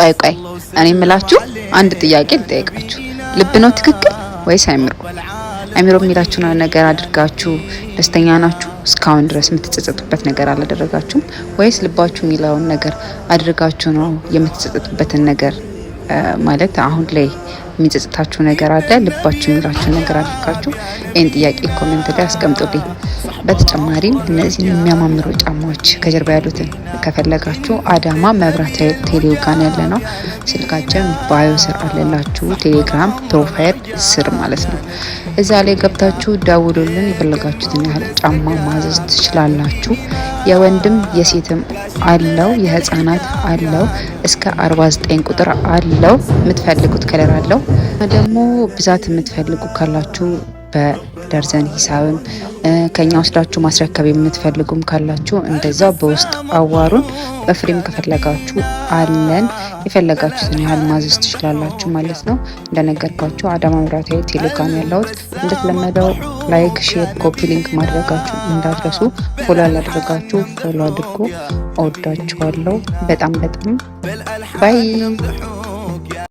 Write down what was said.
ቆይ ቆይ እኔ የምላችሁ አንድ ጥያቄ ልጠይቃችሁ። ልብ ነው ትክክል ወይስ አይምሮ? አይምሮ የሚላችሁን ነገር አድርጋችሁ ደስተኛ ናችሁ? እስካሁን ድረስ የምትጸጸቱበት ነገር አላደረጋችሁም? ወይስ ልባችሁ የሚለውን ነገር አድርጋችሁ ነው የምትጸጸቱበትን ነገር ማለት አሁን ላይ የሚጸጽታችሁ ነገር አለ፣ ልባችሁ የሚላችሁ ነገር አድርጋችሁ ይህን ጥያቄ ኮሜንት ላይ አስቀምጡልኝ። በተጨማሪም እነዚህን የሚያማምሩ ጫማዎች ከጀርባ ያሉትን ከፈለጋችሁ አዳማ መብራት ጋን ያለ ነው። ስልካችን ባዮ ስር አለላችሁ፣ ቴሌግራም ፕሮፋይል ስር ማለት ነው። እዛ ላይ ገብታችሁ ደውሉልን፣ የፈለጋችሁትን ያህል ጫማ ማዘዝ ትችላላችሁ። የወንድም የሴትም አለው፣ የህፃናት አለው፣ እስከ 49 ቁጥር አለው። የምትፈልጉት ከለር አለው። ደግሞ ብዛት የምትፈልጉ ካላችሁ በደርዘን ሂሳብም ከኛ ወስዳችሁ ማስረከብ የምትፈልጉም ካላችሁ እንደዛው በውስጥ አዋሩን። በፍሬም ከፈለጋችሁ አለን። የፈለጋችሁትን ያህል ማዘዝ ትችላላችሁ ማለት ነው። እንደነገርኳችሁ አዳማ ምራታዊ ቴሌግራም ያለሁት። እንደተለመደው ላይክ፣ ሼር፣ ኮፒ ሊንክ ማድረጋችሁ እንዳትረሱ። ፎሎ ያላደረጋችሁ ፎሎ አድርጎ። እወዳችኋለሁ በጣም በጣም ባይ